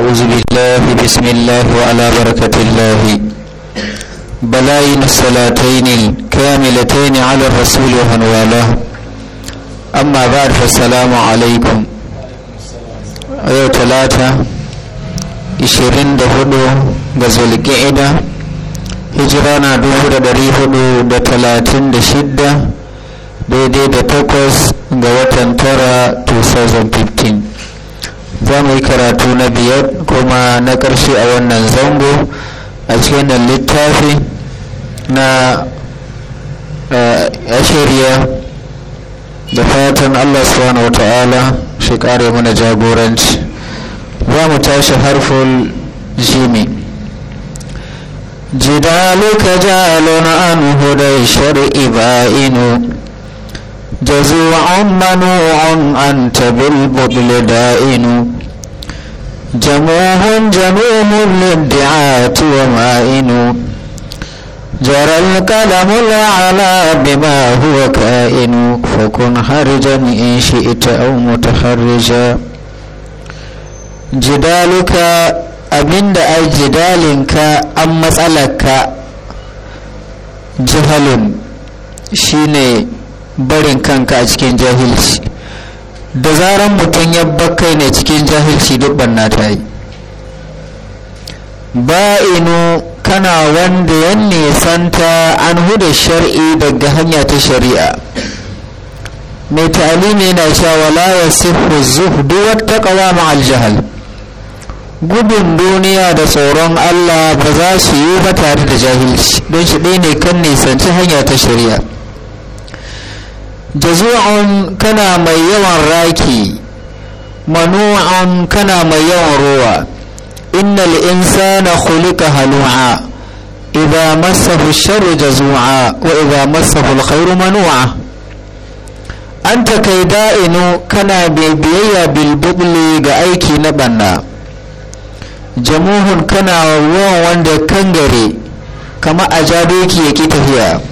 أعوذ بالله بسم الله وعلى بركة الله بلاين الصلاتين الكاملتين على الرسول ومن والاه أما بعد فالسلام عليكم أيها ثلاثة ishirin da hudu ga zulki'ida hijira na dubu da dari hudu da talatin da shidda daidai da takwas ga watan tara 2015 za mu yi karatu na biyar kuma na ƙarshe a wannan zango a cikin nan littafi na eh, shirya da fatan allah subhanahu wa ta'ala shi kare mana jagoranci za mu tashi harfin jimi jalo na anhu da shari'i ba'inu جزوع منوع أنت بالبطل دائن جموه جموم للدعاة ومائن جرى الكلم الأعلى بما هو كائن فكن حرجا إن شئت أو متخرجا جدالك أبند أي جدالك أم مسألك جهل شيني barin kanka a cikin jahilci da zaran mutum ya bakai ne cikin jahilci duk na ta yi ba'inu kana wanda ya nisanta an huda shar'i daga hanya ta shari'a mai ta'alimi yana cewa ya sifu zuhdu wata taqwa ma'al jahal gudun duniya da tsoron Allah ba za su yi ba tare da jahilci don shi ɗaya ne kan nisanci hanya ta shari'a jazu'un kana mai yawan raki manu'un kana mai yawan ruwa innal insana khuliqa halu'a idza massahu sharru jazu'a wa idza massahu alkhairu manu'a anta kaida'inu kana biyayya bil ga aiki na banna jamuhun kana ruwan wanda kangare kama a jadoki yake tafiya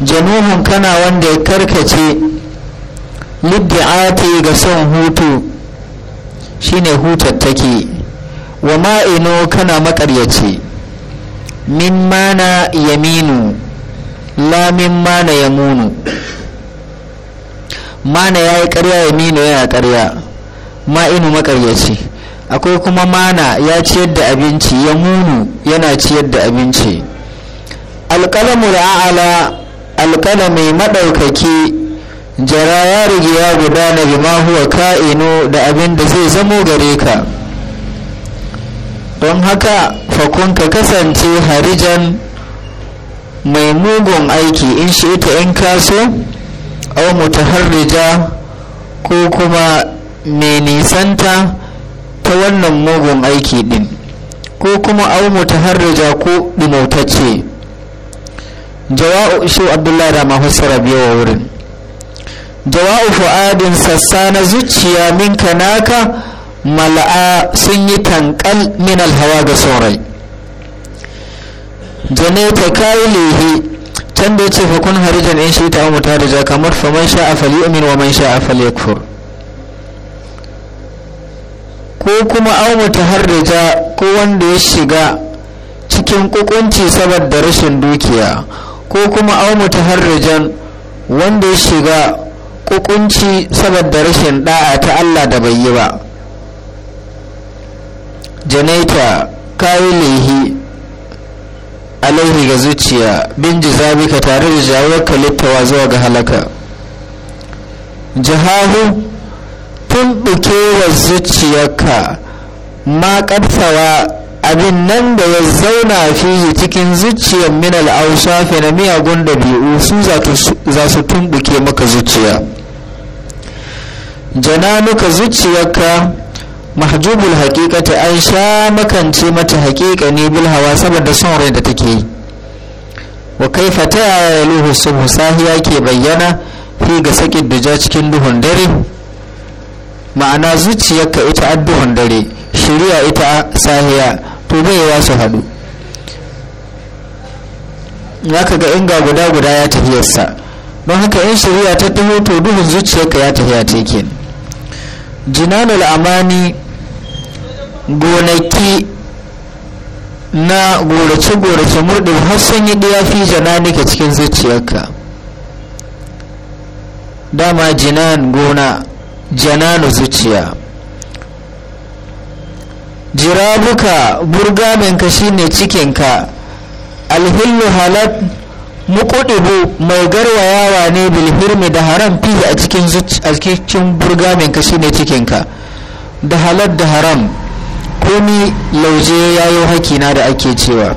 januhun kana wanda ya karkace liddi'ati ga son hutu shine hutattake wa ma'ino kana makaryaci min mana yaminu la min mana yamunu mana ya yi karya yaminu yana karya ma'inu makaryaci akwai kuma mana ya ciyar da abinci yamunu yana ciyar da abinci alƙalamu da a'ala alƙalami maɗaukaki jara ya rige ya gudana bi huwa kaino da abin da zai zamo gare ka don haka fakun ka kasance harijan mai mugun aiki in shi ita in kaso au mutaharrija ko kuma mai nisanta ta wannan mugun aiki din ko kuma au mutaharrija ko ce. jawa'u shi abdullahi da mahussara biyu wa wurin jawa'u fu'adin sassa na zuciya min kanaka mala'a sun yi tankal min alhawa ga saurai ta kayi lehi can da ya ce fakun harijan in shi ta umuta da jakamar faman sha'a umin wa man sha'a kufur ko kuma an mutaharrija ko wanda ya shiga cikin kukunci saboda rashin dukiya ko kuma au mutaharrijan wanda ya shiga kukunci saboda rashin da'a ta Allah da bai yi ba janaita kayi laihi alaihi ga zuciya bin jizabika tare da jawarka littawa zuwa ga halaka jihahu tun wa zuciyarka ma ƙarfawa abin nan da ya zauna fihi cikin zuciyar minal aushafi na miyagun dabi'u su za su tumbuke maka zuciya jana jananuka zuciyarka mahjubul haƙiƙata an sha makance mata hakika ne bil hawa saboda son rai da take yi wa fata ta yaya luhu subhu sahiya ke bayyana fi ga sakin duja cikin duhun dare ma'ana zuciyarka ita adduhun dare shirya ita sahiya to baiwa su haɗu ya ka ga inga guda guda ya tafiyarsa don haka in shari'a ta taho to duhun zuciyarka ya tafiya ta yake jinanul amani gonaki na gorace-gorace murɗin har sun yi ɗaya fi jananika cikin zuciyarka dama jinan gona jananu zuciya jirabuka burgaminka shine cikinka alhillu halat mukudubu mai garwayawa ne bilhirmi da haram fiye a cikin a burgaminka shine cikinka da halat da haram komi lauje ya yi hakina da ake cewa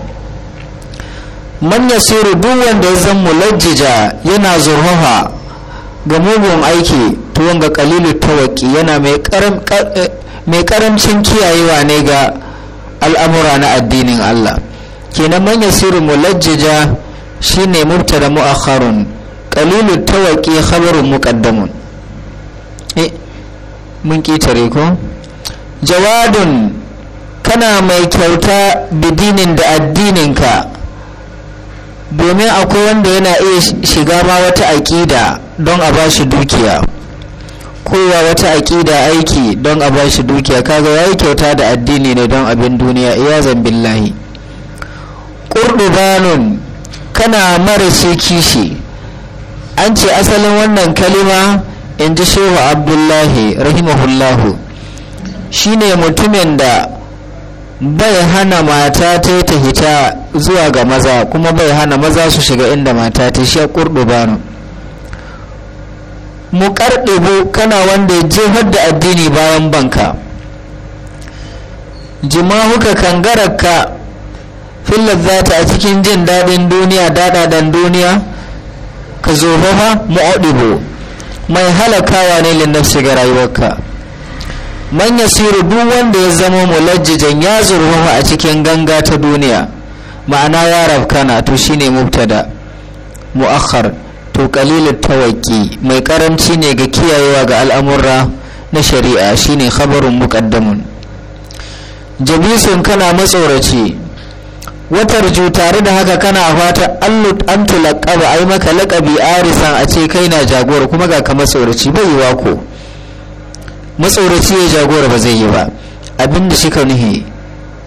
man yasiru duk wanda ya zan mulajjija yana zurhoha ga mugun aiki tuwon ga kalilu tawaki yana mai karam eh, mai karancin kiyayewa ne ga al'amura na addinin Allah kenan man shi ne shine da mu'akharun qalilut tawaqi khabarun muqaddamun eh mun kitare ko jawadun kana mai kyauta bidinin da addininka domin akwai wanda yana iya shiga ma wata aƙida don a ba shi dukiya kowa wata aƙida aiki don a bashi dukiya kaga yayi kyauta da addini ne don abin duniya iya lahi billahi qurbanun kana mara marasu kishi an ce asalin wannan kalima in ji shehu abdullahi rahimahullahu shine mutumin da bai hana mata ta ta hita zuwa ga maza kuma bai hana maza su shiga inda mata ta shi qurbanun mu muƙarɗibu kana wanda ya jefar da addini bayan banka jimahuka kangararka fillar zata a cikin jin daɗin duniya daɗaɗen duniya ka zofafa mu'adibu mai halakawa ne linnafsi ga rayuwarka manya siru duk wanda ya zama mulajjijan ya zurfafa a cikin ganga ta duniya ma'ana ya rafkana to shine mubtada mu'akhkhar to kalilin tawaki mai karanci ne ga kiyayewa ga al'amurra na shari'a shine khabarun mukaddamun jabisun kana matsoraci watar ju tare da haka kana fata allut an a ai maka lakabi arisan a ce kai na jagora kuma ga ka matsoraci bai yi wako matsoraci ya jagora ba zai yi ba abinda shi ka nuhi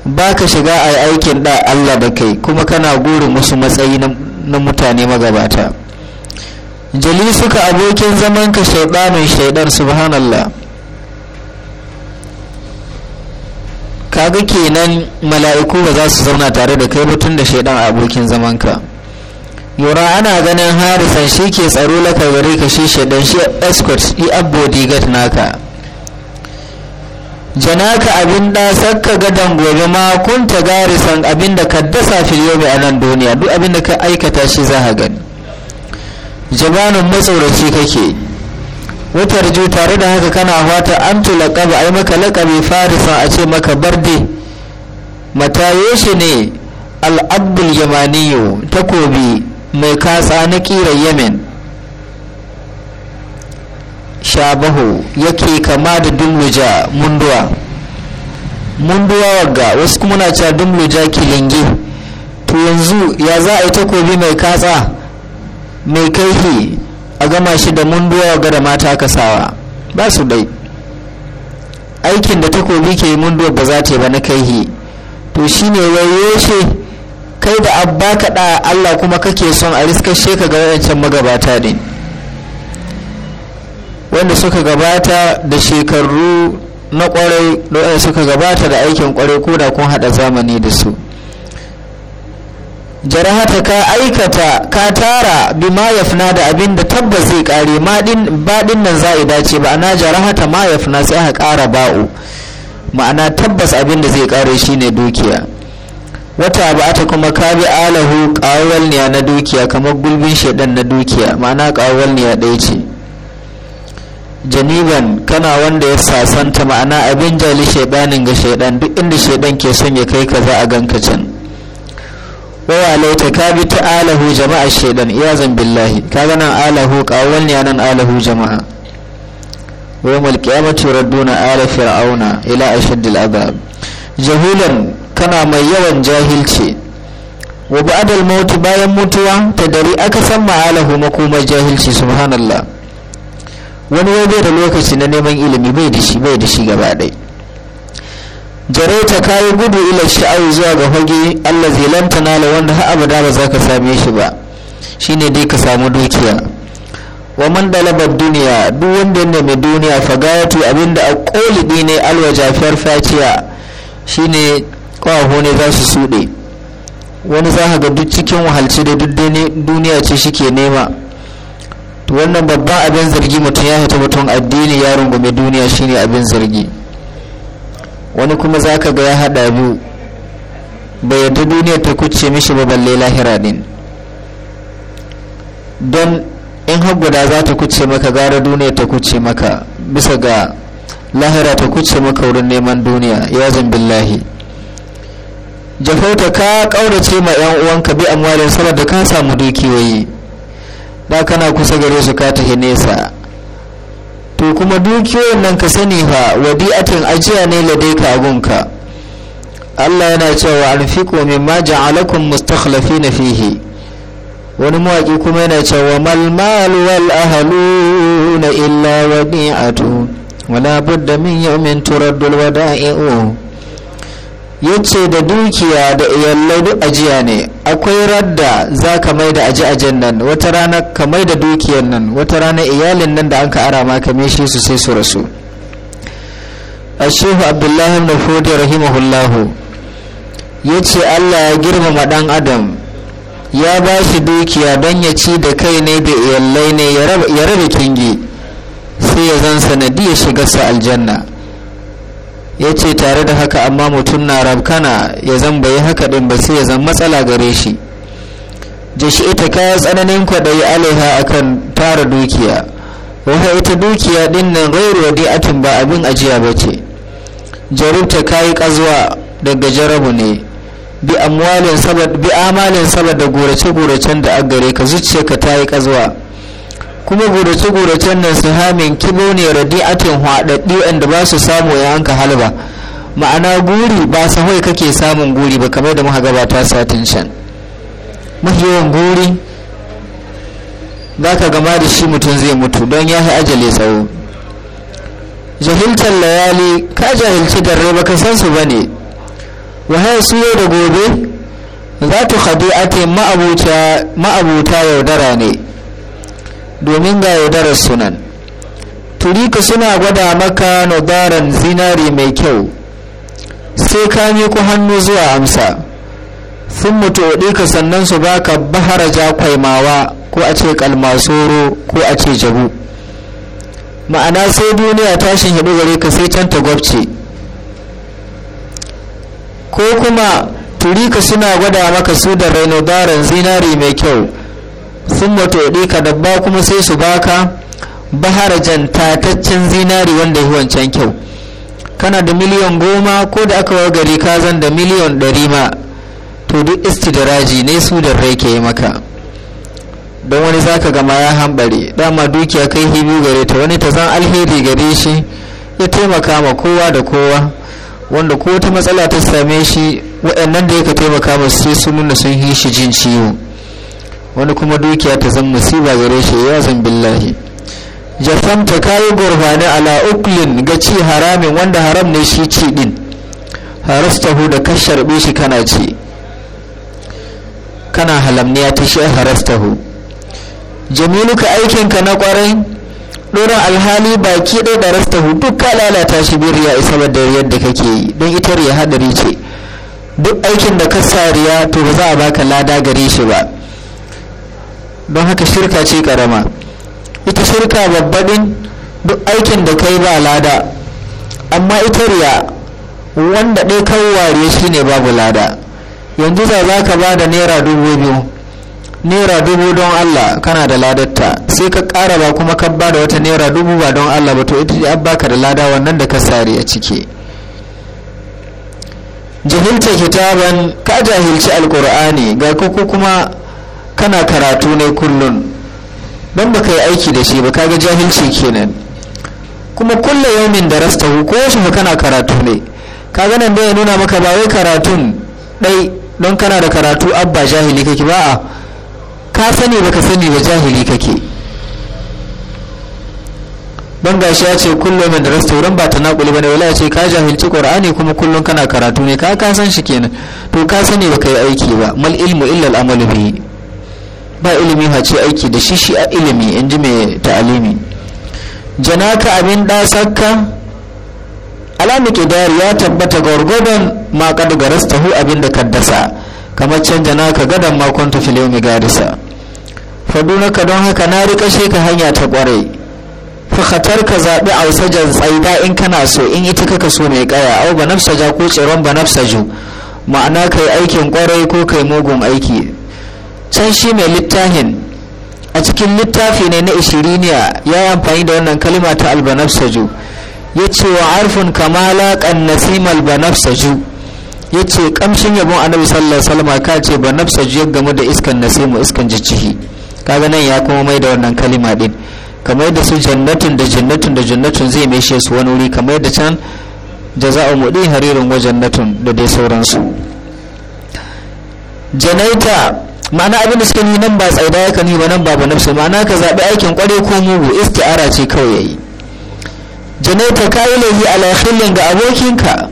ba ka shiga a aikin da Allah da kai kuma kana gurin wasu matsayi na mutane magabata jali suka abokin zamanka shaidanin shaidar subhanallah kaga kenan mala'iku ba za su zauna tare da kai mutum da shaidan abokin zamanka yura ana ganin harisan shi ke tsaro laka gare ka shi shaidan shi escort yi abu digat naka janaka abin da sakka gadon gobe ma kunta garisan abin da ka dasa filiyo a nan duniya duk abin da ka aikata shi za a gani jabanin matsoraci kake wutar ju tare da haka kana fata an tulakaba ai maka laƙabi farisa a ce maka barde mataye shi ne al'abdul yamaniyo takobi mai katsa na ƙira yemen shabahu yake kama da dumluja munduwa munduwa wagga wasu kuma na cewa dumluja kilingi to yanzu ya za a yi takobi mai katsa mai kaifi a gama shi da munduwa ga da mata kasawa ba su dai aikin da takobi ke munduwa ba za ta yi ba na kaihi to shine wayo shi kai da abba kaɗa allah kuma kake son a riskashe ka ga wancan magabata ne wanda suka gabata da shekaru na kwarai da suka gabata da aikin kwarai ko da kun hada zamani da su jarahata ka aikata ka tara bima yafna da abin da tabbas zai kare madin badin nan za'i dace ba ana jarahata ma yafna sai aka kara ba'u ma'ana tabbas abin da zai kare shine dukiya wata ba ta kuma ka bi alahu kawal niya na dukiya kamar gulbin shedan na dukiya ma'ana kawal niya ɗaya ce janiban kana wanda ya sasanta ma'ana abin jali shedanin ga shedan duk inda shedan ke son ya kai ka za a ganka can wa laita ka bi ta alahu jama'a shaidan iyazan billahi kaga nan alahu kawon ne nan alahu jama'a wa yawmal qiyamati radduna ala fir'auna ila ashaddil adab jahulan kana mai yawan jahilci wa ba'dal maut bayan mutuwa ta dari aka san ma'alahu makomar jahilci subhanallah wani waje da lokaci na neman ilimi bai da shi bai da shi gaba ɗaya ka yi gudu ila sha'awi zuwa ga fage allah zai na nala wanda ha'a da ba za ka same shi ba shine dai ka samu dukiya wa man dalabar duniya duk wanda yana mai duniya fagayatu abinda a kolidi ne alwajafiyar faciya shine kawaho ne za su suɗe wani za ga duk cikin wahalci da duk duniya ce shike nema wannan babban abin zargi mutum ya hita mutum addini ya rungume duniya shine abin zargi wani kuma za ka ga ya haɗa biyu bai yarda duniya ta kuce mishi ba balle lahira din don in har guda za ta kuce maka gara duniya ta kuce maka bisa ga lahira ta kuce maka wurin neman duniya ya billahi jafauta ka ƙaurace ma yan uwanka bi amwalin saboda ka samu dukiyoyi da kana kusa gare su ka tahi nesa to kuma dukiyoyin nan ka sani fa wadi'atin ajiya ne la ladaika gunka Allah yana cewa anfiqu mimma ja'alakum mustakhlifina fihi wani mawaƙi kuma yana cewa mal mal wal ahluna illa wadi'atu wala budda min yawmin turaddul wada'i'u ya ce da dukiya da iyalai duk ajiya ne akwai radda za ka mai da aji-ajen nan wata rana ka mai da dukiyar nan wata rana iyalin nan da an ka ara maka meshe su sai su rasu ashehu abdullahi ibn fudi rahimahullahu ya ce allah ya girmama dan adam ya ba shi dukiya don ya ci da kai ne da iyalai ne ya rabe kingi sai ya zan sanadi ya shiga su aljanna ya ce tare da haka amma mutum na rabkana ya zan bai haka ɗin ba sai ya zan matsala gare shi jashi ita kaya tsananin kwaɗayi alaiha akan tara dukiya wata ita dukiya din nan gairu tun ba abin ajiya ba ce jarumta kayi ƙazuwa daga jarabu ne bi amalin saboda gorace-goracen da aggare ka zuciya ka ta yi ƙazuwa kuma gurace-guracen nan su hamin kilo ne radi'atin haɗaɗɗi wanda ba su samu ya hanka halba ma'ana guri ba sahoi kake samun guri ba kamar da muka gabata satin can mahiyawan guri za ka gama da shi mutum zai mutu don ya yi ajali tsawo jahilcin layali ka jahilci dare ba ka san su ba ne su yau da gobe za ta hadu ate ma'abuta yaudara ne domin ga yaudarar sunan turika suna gwada maka nadaran zinari mai kyau sai ka ku hannu zuwa amsa sun mutu ka sannan su baka baharaja kwaimawa ko a ce kalmasoro ko a ce jabu ma'ana sai duniya tashin hidu gare ka sai can ta gwabce ko kuma turika suna gwada maka su da rainodaran zinari mai kyau sun mato ka dabba kuma sai su baka baharajan tataccen zinari wanda yi wancan kyau kana da miliyan goma ko da aka wa gari ka zan da miliyan ɗari ma to duk istidaraji ne su da rai ke yi maka don wani zaka gama ya hambare dama dukiya kai hibu gare ta wani ta zan alheri gare shi ya taimaka ma kowa da kowa wanda ko ta matsala ta same shi waɗannan da ya ka taimaka masu sai su nuna sun yi shi jin ciwo wani kuma dukiya ta zan musiba gare shi ya zan billahi ta kayi gurbani ala uklin ga ci haramin wanda haram ne shi ci din harastahu da ka sharbe shi kana ci kana halamniya ta shi harastahu ka aikinka na kwarai dora alhali baki ɗaya da rastahu duk ka lalata shi bi riya da yadda kake yi don ita riya hadari ce duk aikin da ka sa to ba za a baka lada gare shi ba don haka shirka ce karama ita shirka babbaɗin duk aikin da kai ba lada amma ita riya wanda ɗai kawai shi ne babu lada yanzu za za ka ba da naira dubu biyu naira dubu don allah kana da ladatta sai ka ƙara ba kuma ka ba da wata naira dubu ba don allah ba to ita ce an baka da lada wannan da ka sare a ciki jahilce kitaban ka jahilci alkur'ani ga kuku kuma kana karatu ne kullun don baka yi aiki da shi ba kaga jahilci kenan kuma yau yaumin da ku ko shi kana karatu ne kaga nan da ya nuna maka ba wai karatun dai don kana da karatu abba jahili kake ba a ka sani baka sani ba jahili kake don gashi ya ce kullum min da rastahu don ba ta naƙuli ba ne wala ya ce ka jahilci ƙwar'ani kuma kullum kana karatu ne ka ka san shi kenan to ka sani baka yi aiki ba mal ilmu illal amalu bihi ba ilimi ce aiki da shi shi a ilimi in ji mai ta'alimi janaka abin ɗasakka alamu kidari ya tabbata gwargwadon ma rasta hu abin da kaddasa kamar can janaka gadon makon tafi leomi gadisa fadunaka don haka na rika ka hanya ta kwarai fahatar ka zaɓi a tsaida in kana so in ita kaka so mai kaya au ba ja ko tseron ba ju ma'ana kai aikin kwarai ko kai mugun aiki can shi mai littafin a cikin littafi ne na ishiriniya ya yi amfani da wannan kalima ta albanafsaju ya ce wa arfin kamala kan nasim albanafsaju ya ce kamshin yabon annabi sallallahu salama ka ce banafsaju ya gamu da iskan nasimu iskan jijjihi kaga nan ya kuma mai da wannan kalima din kamar da su jannatin da jannatin da jannatin zai mai su wani wuri kamar da can jaza'u mudi haririn wajen natun da dai sauransu janaita ma'ana abin da suke ni nan ba tsaida yaka ni ba nan ba su ma'ana ka zaɓi aikin ƙware ko mugu isti'ara ce kawai yayi janaita ka yi laifi ala ga abokinka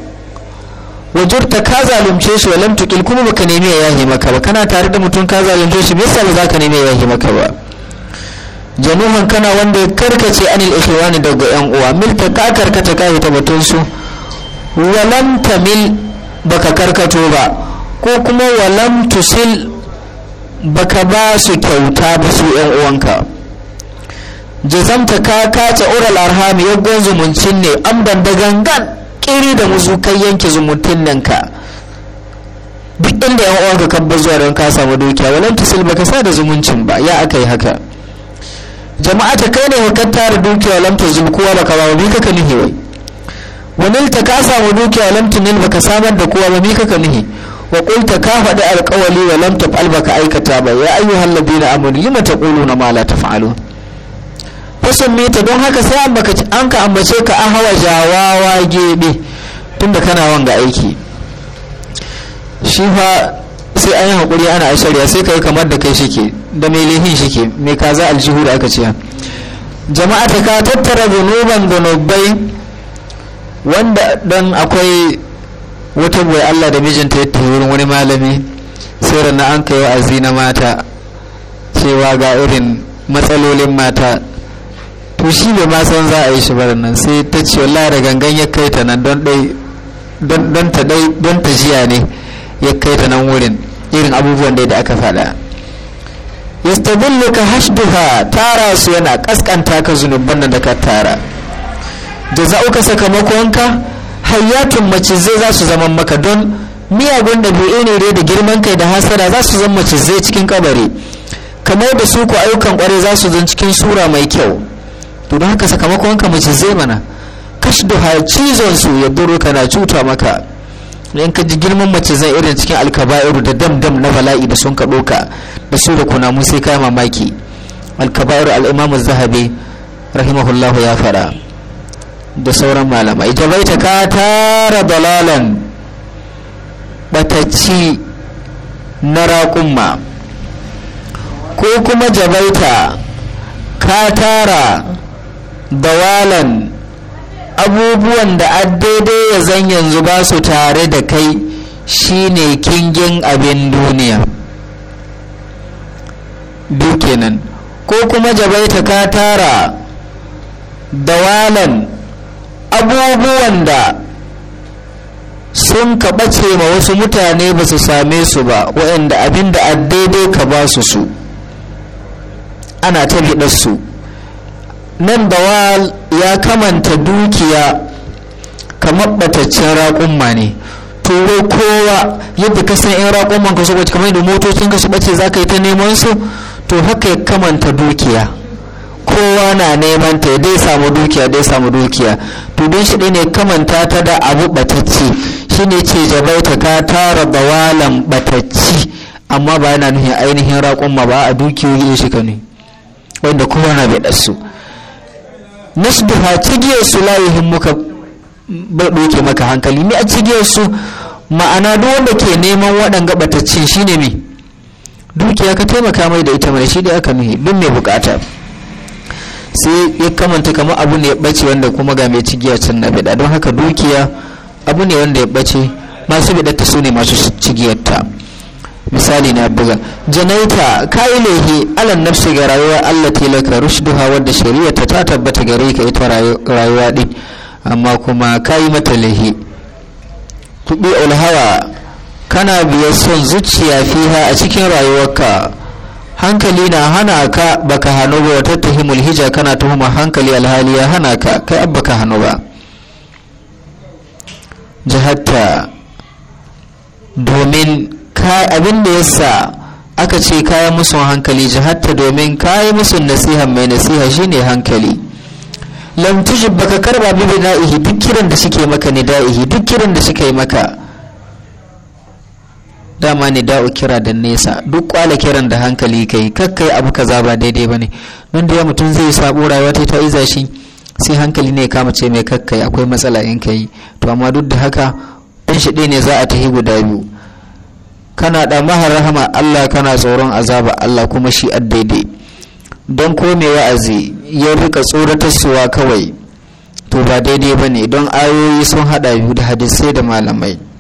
wajurta ka zalunce shi walam tuqil kuma baka nemi ya yahe maka ba kana tare da mutum ka zalunce shi bisa ba zaka nemi ya yahe maka ba januhan kana wanda ya karkace anil ikhwani daga yan uwa milta ka karkata ka yi tabbatun su walam tamil baka karkato ba ko kuma walam tusil baka ba su kyauta ba su yan uwanka jazamta ka kace ural arhami yaggon zumuncin ne amdan da gangan kiri da musu kai yanke zumuntin nan ka duk inda yan uwanka kan bar zuwa don ka samu dukiya walan tusil baka sa da zumuncin ba ya aka yi haka jama'a ta kai ne hukar tara dukiya lam tuzil kowa baka ba bi kaka nihi wai wani ta ka samu dukiya lam tunil baka samar da kowa ba bi kaka nihi wa kulta ka faɗi alƙawali wa lam taf'al baka aikata ba ya ayyuhal ladina amanu lima taquluna ma la taf'alun fasun mita don haka sai an baka an ka ambace ka a hawa jawawa gebe tunda kana wanga aiki shi fa sai an yi haƙuri ana ashariya sai kai kamar da kai shike da mai lehin shike mai kaza aljihu da aka ce jama'a ta ka tattara zunuban zunubai wanda dan akwai wata bai Allah da mijinta ya tafi wurin wani malami sai na an kai azi na mata cewa ga irin matsalolin mata to shi bai ma san za a yi shi barin nan sai ta ce wallahi da gangan ya kai ta nan don ta dai don ta jiya ne ya kai ta nan wurin irin abubuwan da da aka faɗa yastadilluka hashduha tara su yana kaskanta ka zunubban da ka tara jaza'uka sakamakonka hayyatun macizai za su zama maka don miyagun ɗabi'u ne dai da girman kai da hasara za su zama macizai cikin kabari kamar da su ku ayyukan kwarai za su zan cikin sura mai kyau to don haka sakamakon ka macizai mana kashi da cizon su ya duro na cuta maka in ka ji girman macizai irin cikin alkaba'iru da dam-dam na bala'i da sun ka ɗoka da su da kunamu sai kai mamaki alkaba'iru al'imamu zahabi rahimahullahu ya fara da sauran malamai jabaita ka tara dalalan batacci na raƙumma ko kuma jabaita ka tara dawalan abubuwan da daidai ya zan yanzu ba su tare da kai shine kingin abin duniya duk kenan ko kuma jabaita ka tara dawalan abubuwan da sun kaɓace ma wasu mutane ba su same su ba waɗanda abin da daidai ka ba su su ana ta su nan bawal ya kamanta dukiya ka kamar ɓataccen raƙumma ne turo kowa yadda ka san raƙumman ka su ɓace kamar yadda motocin ka su ɓace za ka yi ta neman su to haka ya kamanta dukiya kowa na neman ta dai samu dukiya dai samu dukiya to don shi ne kamanta ta da abu batacce shi ne ce jabaita ka tara bawalan batacci amma ba yana nuhin ainihin raƙon ma ba a dukiyoyi shi ka ne wanda kowa na bai ɗasu nasbuha cigiyar su layihin muka ɗauke maka hankali ni a cigiyar su ma'ana duk wanda ke neman waɗanga batacci shine me dukiya ka taimaka mai da ita mai shi da aka nuhi duk mai bukata sai ya kamanta kamar abu ne ya bace wanda kuma ga mai cigiya can na bida don haka dukiya abu ne wanda ya bace masu bidatta su ne masu cigiyarta misali na buga janaita ka yi lehi alan nafsi ga rayuwa allah tilaka rushduha wadda shari'a ta ta tabbata gare ka ita rayuwa din amma kuma ka yi mata lehi kuɗi ulhawa kana biyar son zuciya fiha a cikin rayuwarka hankali na hana ka baka hannu ba wata tuhimul hija kana tuhuma hankali alhali ya hana ka kai abba ka hannu ba jihatta domin abin da yasa aka ce kayan musu hankali jihatta domin yi musu nasiha mai nasiha shine hankali lam tujib baka karba bi bina'ihi duk kiran da suke maka ni duk kiran da suke maka dama ne da'u kira da nesa duk kwala kiran da hankali kai kakkai abu kaza ba daidai ba ne don da mutum zai sabo rayuwa ta ta iza shi sai hankali ne kama ce mai kakkai akwai matsala in kai to amma duk da haka ɗan shi ne za a tahi guda biyu kana da mahar rahama Allah kana tsoron azaba Allah kuma shi daidai don ko mai wa'azi ya rika tsoratarsuwa kawai to ba daidai ba ne don ayoyi sun hada biyu da hadisai da malamai